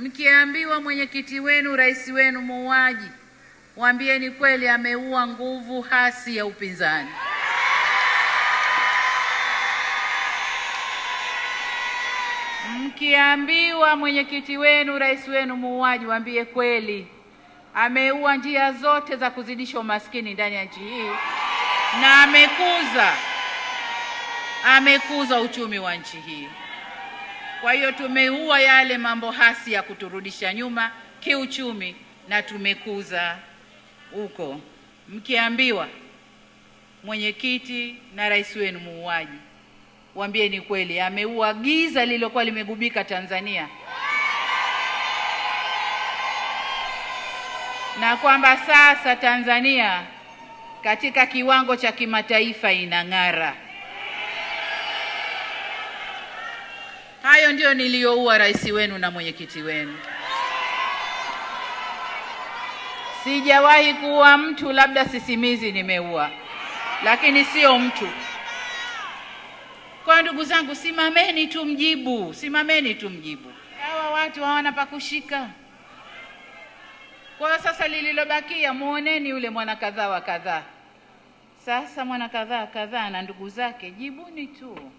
mkiambiwa mwenyekiti wenu, rais wenu muuaji, waambieni kweli ameua nguvu hasi ya upinzani. Mkiambiwa mwenyekiti wenu, rais wenu muuaji, waambie kweli ameua njia zote za kuzidisha umaskini ndani ya nchi hii na amekuza amekuza uchumi wa nchi hii. Kwa hiyo tumeua yale mambo hasi ya kuturudisha nyuma kiuchumi na tumekuza huko. Mkiambiwa mwenyekiti na rais wenu muuaji, ni kweli, ameua giza lililokuwa limegubika Tanzania na kwamba sasa Tanzania katika kiwango cha kimataifa inang'ara. hayo ndiyo niliyoua rais wenu na mwenyekiti wenu. Sijawahi kuua mtu, labda sisimizi nimeua, lakini sio mtu. Kwa ndugu zangu, simameni tu mjibu, simameni tu mjibu. Hawa watu hawana pa kushika. Kwa sasa lililobakia, muoneni yule mwana kadhaa wa kadhaa. Sasa mwana kadhaa kadhaa na ndugu zake, jibuni tu.